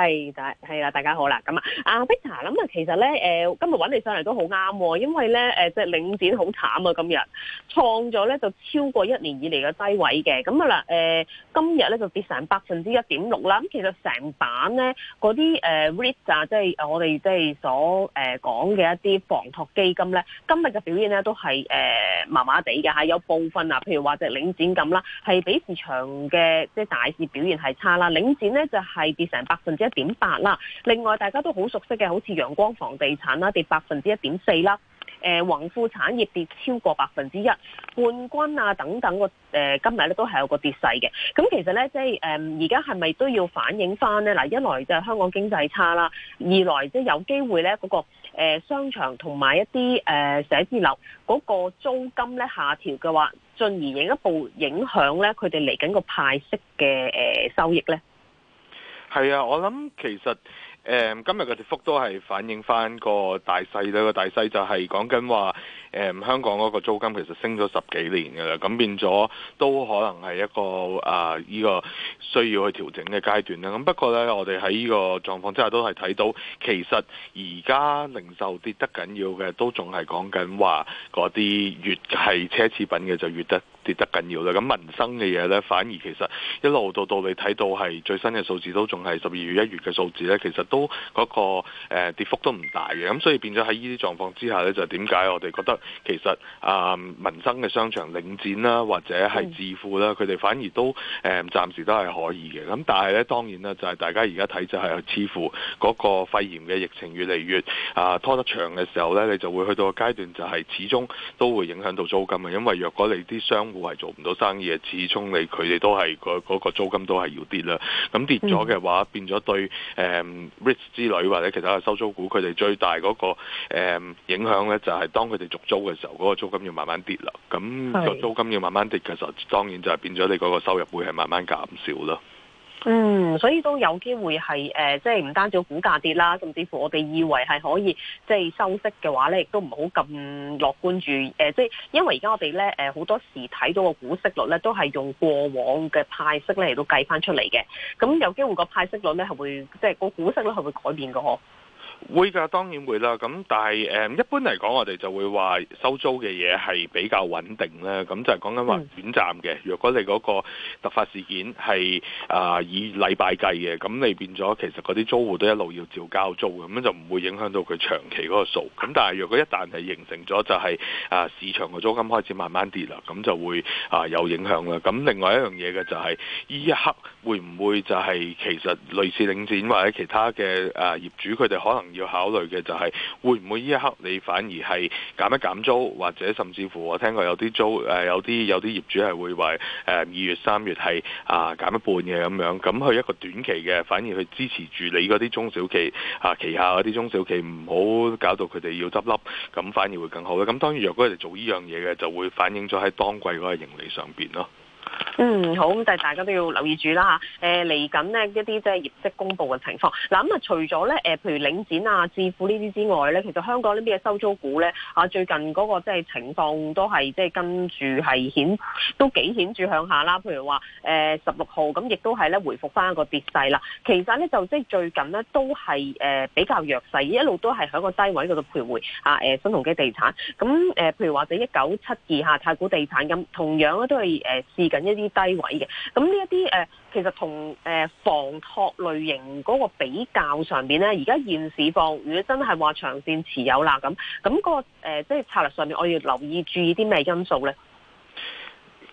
係，大係啦，大家好啦。咁啊，阿 Peter，咁啊，其實咧，誒、呃，今日揾你上嚟都好啱，哦，因為咧，誒、呃，即係領展好慘啊，今日創咗咧就超過一年以嚟嘅低位嘅。咁啊啦，誒、呃，今日咧就跌成百分之一點六啦。咁其實成版咧嗰啲誒 REITs 啊，即係我哋即係所誒講嘅一啲房託基金咧，今日嘅表現咧都係誒麻麻地嘅，係、呃、有部分啊，譬如話隻領展咁啦，係比市場嘅即係大市表現係差啦。領展咧就係、是、跌成百分之一點八啦，另外大家都好熟悉嘅，好似陽光房地產啦，跌百分之一點四啦，誒、呃、宏富產業跌超過百分之一，冠軍啊等等個誒、呃、今日咧都係有個跌勢嘅，咁、嗯、其實咧即係誒而家係咪都要反映翻咧？嗱，一來就係香港經濟差啦，二來即係有機會咧嗰、那個誒、呃、商場同埋一啲誒寫字樓嗰個租金咧下調嘅話，進而影一步影響咧佢哋嚟緊個派息嘅誒、呃、收益咧？係啊，我諗其實誒、嗯、今日嘅跌幅都係反映翻個大勢咧。個大勢就係講緊話，誒、嗯、香港嗰個租金其實升咗十幾年噶啦，咁變咗都可能係一個啊、呢、呢個需要去調整嘅階段啦。咁不過呢，我哋喺呢個狀況之下都係睇到，其實而家零售跌得緊要嘅，都仲係講緊話嗰啲越係奢侈品嘅就越得。跌得緊要啦，咁民生嘅嘢咧，反而其實一路到你到你睇到係最新嘅數字都仲係十二月一月嘅數字咧，其實都嗰、那個誒、呃、跌幅都唔大嘅，咁所以變咗喺呢啲狀況之下咧，就點、是、解我哋覺得其實啊、呃、民生嘅商場領展啦，或者係置富啦，佢哋、嗯、反而都誒暫、呃、時都係可以嘅，咁但係咧當然啦，就係、是、大家而家睇就係似乎嗰個肺炎嘅疫情越嚟越啊拖得長嘅時候咧，你就會去到個階段就係始終都會影響到租金啊，因為若果你啲商股係做唔到生意嘅，始終你佢哋都係個嗰個租金都係要跌啦。咁跌咗嘅話，變咗對誒、嗯、REITs 之類或者其他嘅收租股，佢哋最大嗰、那個、嗯、影響咧，就係、是、當佢哋續租嘅時候，嗰、那個租金要慢慢跌啦。咁、那個租金要慢慢跌嘅時候，其實當然就係變咗你嗰個收入會係慢慢減少咯。嗯，所以都有機會係誒，即係唔單止股價跌啦，甚至乎我哋以為係可以即係收息嘅話咧，亦都唔好咁樂觀住誒，即係因為而家我哋咧誒好多時睇到個股息率咧，都係用過往嘅派息咧嚟到計翻出嚟嘅，咁有機會個派息率咧係會即係個股息率係會改變㗎。呵。會噶，當然會啦。咁但係誒，一般嚟講，我哋就會話收租嘅嘢係比較穩定啦。咁就係講緊話短暫嘅。嗯、若果你嗰個突發事件係啊以禮拜計嘅，咁你變咗其實嗰啲租戶都一路要照交租，咁樣就唔會影響到佢長期嗰個數。咁但係若果一旦係形成咗，就係、是、啊市場嘅租金開始慢慢跌啦，咁就會啊有影響啦。咁另外一樣嘢嘅就係、是、呢一刻會唔會就係、是、其實類似領展或者其他嘅誒業主，佢哋可能。要考慮嘅就係會唔會呢一刻你反而係減一減租，或者甚至乎我聽過有啲租誒，有啲有啲業主係會話誒，二月三月係啊減一半嘅咁樣，咁佢一個短期嘅反而去支持住你嗰啲中小企，啊旗下嗰啲中小企，唔好搞到佢哋要執笠，咁反而會更好咧。咁當然若果佢哋做呢樣嘢嘅，就會反映咗喺當季嗰個盈利上面咯。嗯，好咁，但大家都要留意住啦吓，嚟、啊、緊呢一啲即係業績公布嘅情況。嗱咁啊，嗯、除咗咧譬如領展啊、置富呢啲之外咧，其實香港呢啲嘅收租股咧啊，最近嗰個即係情況都係即係跟住係顯都幾顯著向下啦。譬如話誒十六號咁，亦、呃、都係咧回復翻一個跌勢啦。其實咧就即係最近咧都係、呃、比較弱勢，一路都係喺個低位嗰度徘徊啊。呃、新鴻基地產咁、呃、譬如或者一九七二下太古地產咁，同樣咧都係誒試緊一啲。啲低位嘅，咁呢一啲誒，其實同誒、呃、房託類型嗰個比較上邊咧，而家現市況，如果真係話長線持有啦，咁咁、那個誒，即、呃、係、就是、策略上面我要留意注意啲咩因素咧？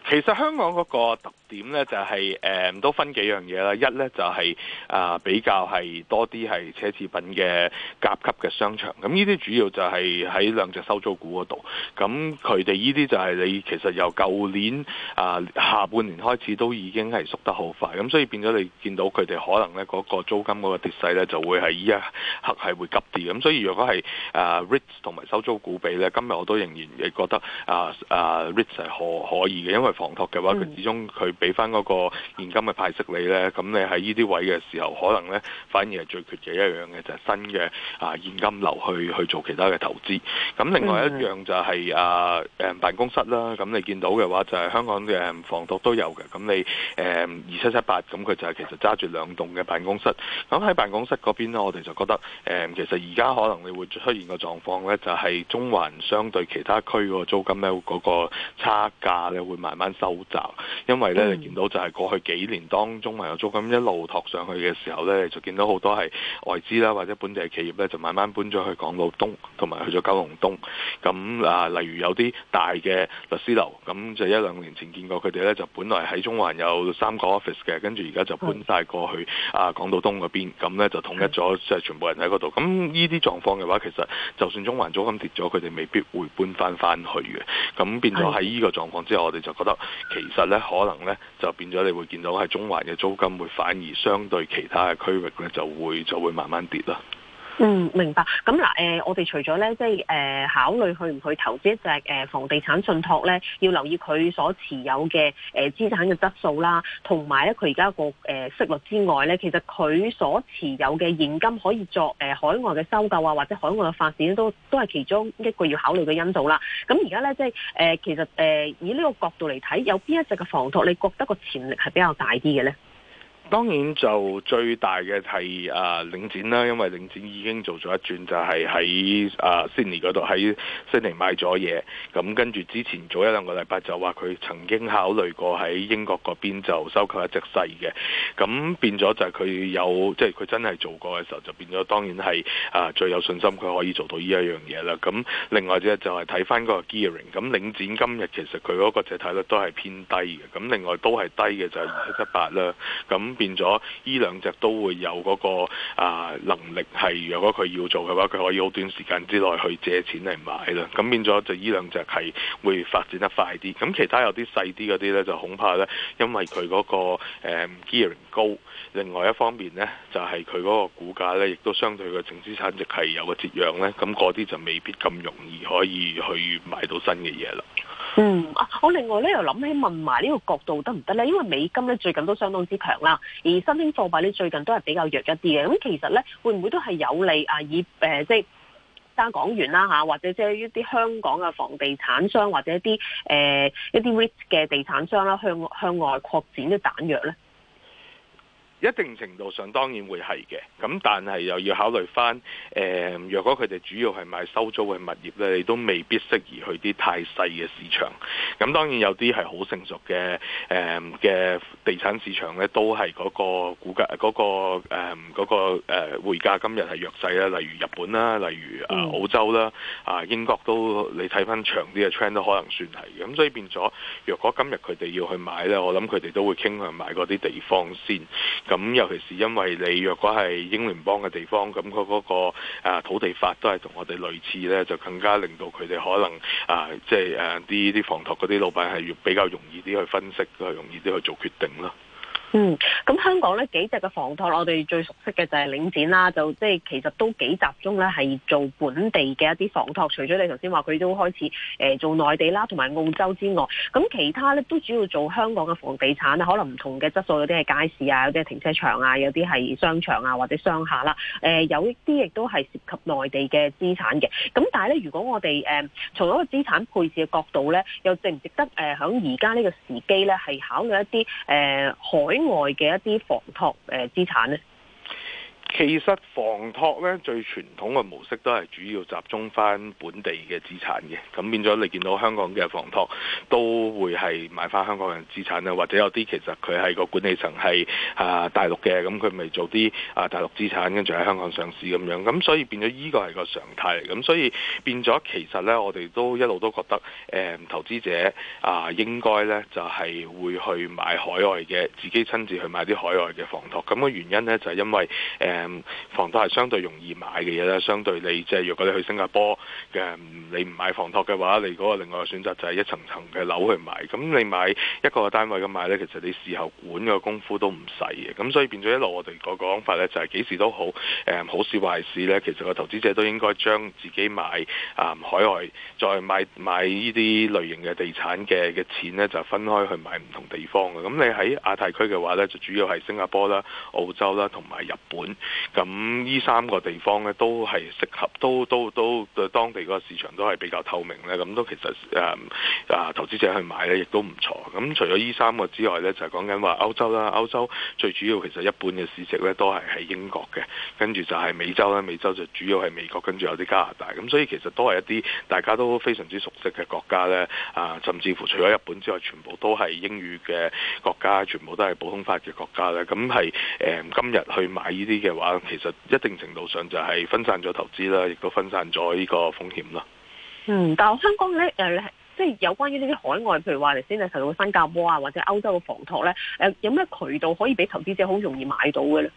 其實香港嗰個特點呢、就係，就係誒都分幾樣嘢啦。一呢、就係，就係啊比較係多啲係奢侈品嘅甲級嘅商場。咁呢啲主要就係喺兩隻收租股嗰度。咁佢哋呢啲就係你其實由舊年啊、呃、下半年開始都已經係縮得好快。咁所以變咗你見到佢哋可能呢嗰、嗰個租金嗰個跌勢呢，就會係依家核係會急啲。咁所以如果係啊 REITs 同埋收租股比呢，今日我都仍然亦覺得、呃、啊啊 REITs 係可可以嘅，因為。房託嘅話，佢始終佢俾翻嗰個現金嘅派息你呢。咁你喺呢啲位嘅時候，可能呢反而係最缺嘅一樣嘅，就係、是、新嘅啊、呃、現金流去去做其他嘅投資。咁另外一樣就係啊誒辦公室啦，咁你見到嘅話就係香港嘅房託都有嘅。咁你誒二七七八，咁、呃、佢就係其實揸住兩棟嘅辦公室。咁喺辦公室嗰邊呢，我哋就覺得誒、呃，其實而家可能你會出現個狀況呢，就係、是、中環相對其他區個租金呢，嗰、那個差價呢會慢。慢慢收窄，因為咧，嗯、你見到就係過去幾年當中，環有租金一路托上去嘅時候咧，就見到好多係外資啦，或者本地嘅企業咧，就慢慢搬咗去港島東同埋去咗九龍東。咁啊，例如有啲大嘅律師樓，咁就一兩年前見過佢哋咧，就本來喺中環有三個 office 嘅，跟住而家就搬晒過去是 啊港島東嗰邊。咁咧就統一咗，即係全部人喺嗰度。咁呢啲狀況嘅話，其實就算中環租金跌咗，佢哋未必會搬翻翻去嘅。咁變咗喺呢個狀況之後，我哋就覺得。其實咧，可能咧就變咗，你會見到喺中環嘅租金會反而相對其他嘅區域咧，就會就會慢慢跌啦。嗯，明白。咁嗱，誒、呃，我哋除咗咧，即係誒、呃、考慮去唔去投資一隻誒、呃、房地產信託咧，要留意佢所持有嘅誒資產嘅質素啦，同埋咧佢而家個誒息率之外咧，其實佢所持有嘅現金可以作誒、呃、海外嘅收購啊，或者海外嘅發展都都係其中一個要考慮嘅因素啦。咁而家咧，即係誒、呃，其實誒、呃、以呢個角度嚟睇，有邊一隻嘅房託你覺得個潛力係比較大啲嘅咧？當然就最大嘅係啊領展啦，因為領展已經做咗一轉，就係喺 s 啊 Sydney 嗰度喺 Sydney 買咗嘢。咁跟住之前早一兩個禮拜就話佢曾經考慮過喺英國嗰邊就收購一隻細嘅。咁變咗就係佢有，即係佢真係做過嘅時候，就變咗當然係啊最有信心佢可以做到呢一樣嘢啦。咁另外就係睇翻個 gearing，咁領展今日其實佢嗰個借貸率都係偏低嘅。咁另外都係低嘅就係二七七八啦。咁變咗，呢兩隻都會有嗰個啊能力係，如果佢要做嘅話，佢可以好短時間之內去借錢嚟買啦。咁變咗就呢兩隻係會發展得快啲。咁其他有啲細啲嗰啲呢，就恐怕呢，因為佢嗰個 gearing 高，另外一方面呢，就係佢嗰個股價呢，亦都相對嘅淨資產值係有個折讓呢。咁嗰啲就未必咁容易可以去買到新嘅嘢啦。嗯，我另外咧又諗起問埋呢個角度得唔得咧？因為美金咧最近都相當之強啦，而新興貨幣咧最近都係比較弱一啲嘅。咁、嗯、其實咧會唔會都係有利啊？以誒、呃、即係，單港元啦吓、啊，或者即係一啲香港嘅房地產商或者一啲誒、呃、一啲 REIT 嘅地產商啦，向向外擴展啲彈藥咧？一定程度上當然會係嘅，咁但係又要考慮翻誒，若果佢哋主要係買收租嘅物業咧，你都未必適宜去啲太細嘅市場。咁當然有啲係好成熟嘅誒嘅地產市場咧，都係嗰個估價、嗰個誒、嗰個誒、匯價今日係弱勢啦，例如日本啦，例如澳洲啦，嗯、啊英國都你睇翻長啲嘅 trend 都可能算係嘅。咁所以變咗，若果今日佢哋要去買咧，我諗佢哋都會傾向買嗰啲地方先。咁尤其是因為你若果係英聯邦嘅地方，咁佢嗰個土地法都係同我哋類似呢，就更加令到佢哋可能啊，即係誒啲啲房託嗰啲老闆係要比較容易啲去分析，個容易啲去做決定啦。嗯，咁香港咧幾隻嘅房託，我哋最熟悉嘅就係領展啦，就即係其實都幾集中咧，係做本地嘅一啲房託。除咗你頭先話佢都開始、呃、做內地啦，同埋澳洲之外，咁其他咧都主要做香港嘅房地產啦。可能唔同嘅質素，有啲係街市啊，有啲係停車場啊，有啲係商場啊，或者商廈啦。誒、呃、有一啲亦都係涉及內地嘅資產嘅。咁但係咧，如果我哋誒、呃、從一個資產配置嘅角度咧，又值唔值得誒喺而家呢個時機咧，係考慮一啲、呃、海外嘅一啲房託誒資產咧。其實房託咧最傳統嘅模式都係主要集中翻本地嘅資產嘅，咁變咗你見到香港嘅房託都會係買翻香港人資產啦，或者有啲其實佢係個管理層係啊大陸嘅，咁佢咪做啲啊大陸資產跟住喺香港上市咁樣，咁所以變咗依個係個常態嚟，咁所以變咗其實呢我哋都一路都覺得誒、嗯、投資者啊應該呢就係、是、會去買海外嘅，自己親自去買啲海外嘅房託。咁、那、嘅、個、原因呢就係、是、因為誒。嗯房託係相對容易買嘅嘢咧，相對你即係如果你去新加坡嘅，你唔買房託嘅話，你嗰個另外嘅選擇就係一層層嘅樓去買。咁你買一個單位咁買呢，其實你事後管嘅功夫都唔使嘅。咁所以變咗一路我哋個講法呢，就係、是、幾時都好，誒、嗯、好事壞事呢，其實個投資者都應該將自己買啊、嗯、海外再買買呢啲類型嘅地產嘅嘅錢呢就分開去買唔同地方嘅。咁你喺亞太區嘅話呢，就主要係新加坡啦、澳洲啦同埋日本。咁呢三個地方呢都係適合，都都都對當地個市場都係比較透明呢。咁都其實誒、嗯、投資者去買呢，亦都唔錯。咁除咗呢三個之外呢，就係、是、講緊話歐洲啦。歐洲最主要其實一半嘅市值呢，都係喺英國嘅，跟住就係美洲啦，美洲就主要係美國，跟住有啲加拿大。咁所以其實都係一啲大家都非常之熟悉嘅國家呢。啊，甚至乎除咗日本之外，全部都係英語嘅國家，全部都係普通法嘅國，國家咧。咁係、嗯、今日去買呢啲嘅。話其實一定程度上就係分散咗投資啦，亦都分散咗呢個風險啦。嗯，但係香港咧誒，即係有關於呢啲海外，譬如話頭先你提到新加坡啊，或者歐洲嘅房託咧，誒、呃，有咩渠道可以俾投資者好容易買到嘅咧？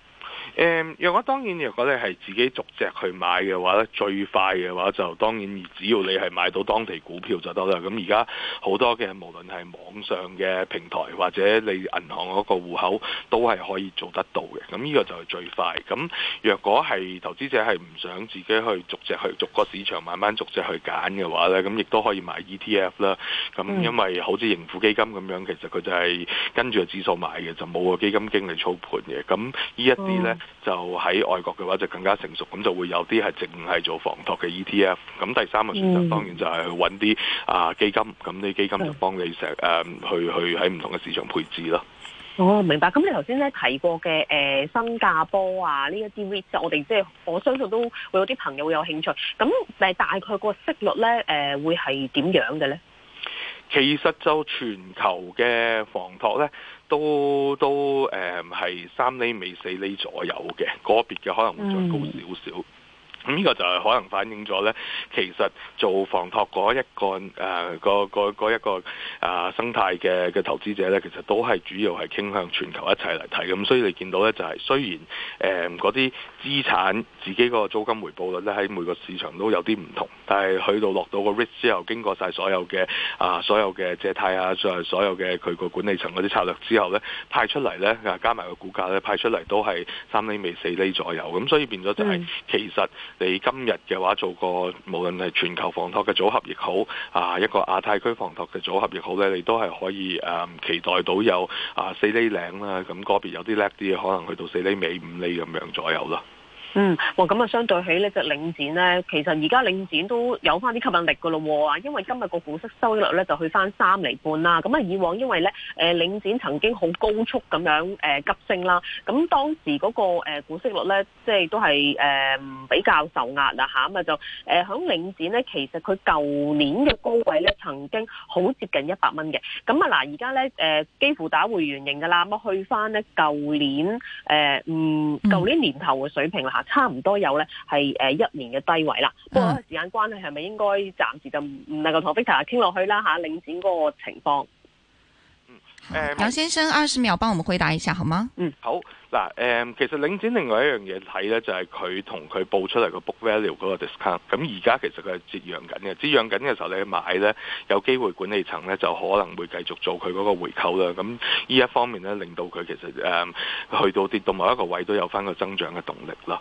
誒，嗯、若果，當然，若果你係自己逐隻去買嘅話咧，最快嘅話就當然，只要你係買到當地股票就得啦。咁而家好多嘅無論係網上嘅平台或者你銀行嗰個戶口都係可以做得到嘅。咁呢個就係最快。咁若果係投資者係唔想自己去逐隻去逐個市場慢慢逐隻去揀嘅話咧，咁亦都可以買 ETF 啦。咁因為好似盈富基金咁樣，其實佢就係跟住個指數買嘅，就冇個基金經理操盤嘅。咁呢一啲咧。嗯就喺外國嘅話就更加成熟，咁就會有啲係淨係做房託嘅 ETF。咁第三個選擇當然就係去揾啲啊基金，咁啲基金就幫你成誒的去去喺唔同嘅市場配置咯。哦，明白。咁你頭先咧提過嘅，誒、呃、新加坡啊呢一啲 r i 我哋即係我相信都會有啲朋友會有興趣。咁大概個息率咧誒、呃、會係點樣嘅咧？其實就全球嘅房託咧。都都誒係三厘尾四厘左右嘅，個別嘅可能會再高少少，咁呢、mm. 嗯呢個就係可能反映咗咧，其實做房託嗰一個誒、呃嗰個、嗰個嗰一、嗰個誒、啊、生態嘅嘅投資者咧，其實都係主要係傾向全球一齊嚟睇咁，所以你見到咧就係、是、雖然誒嗰啲。呃嗰啲資產自己個租金回報率咧，喺每個市場都有啲唔同，但係去到落到個 risk 之後，經過晒所有嘅啊，所有嘅借貸啊，所有嘅佢個管理層嗰啲策略之後咧，派出嚟咧，加埋個股價咧，派出嚟都係三厘尾四厘左右，咁所以變咗就係、是、是的 其實你今日嘅話做個無論係全球房託嘅組合亦好啊，一個亞太區房託嘅組合亦好咧，你都係可以誒、嗯、期待到有啊四厘零啦，咁個別有啲叻啲嘅可能去到四厘尾五厘咁樣左右啦。嗯，咁、哦、啊，相對起呢隻領展咧，其實而家領展都有翻啲吸引力㗎咯喎，因為今日個股息收益率咧就去翻三厘半啦。咁啊，以往因為咧，誒領展曾經好高速咁樣誒、呃、急升啦，咁當時嗰、那個、呃、股息率咧，即係都係誒、呃、比較受壓啦吓，咁啊就誒響、呃、領展咧，其實佢舊年嘅高位咧曾經好接近一百蚊嘅。咁啊嗱，而家咧誒幾乎打回原形㗎啦，咁啊去翻咧舊年誒嗯舊年年頭嘅水平啦。差唔多有咧，係誒一年嘅低位啦。不過時間關係，係咪應該暫時就唔能夠同 Peter 傾落去啦吓、啊？領展嗰個情況，誒，楊先生，二十秒幫我們回答一下好嗎？嗯，嗯嗯好嗱，誒、嗯，其實領展另外一樣嘢睇咧，就係佢同佢報出嚟個 book value 嗰個 discount。咁而家其實佢係折讓緊嘅，折讓緊嘅時候你買咧有機會管理層咧就可能會繼續做佢嗰個回購啦。咁呢一方面咧，令到佢其實誒、嗯、去到跌到某一個位都有翻個增長嘅動力咯。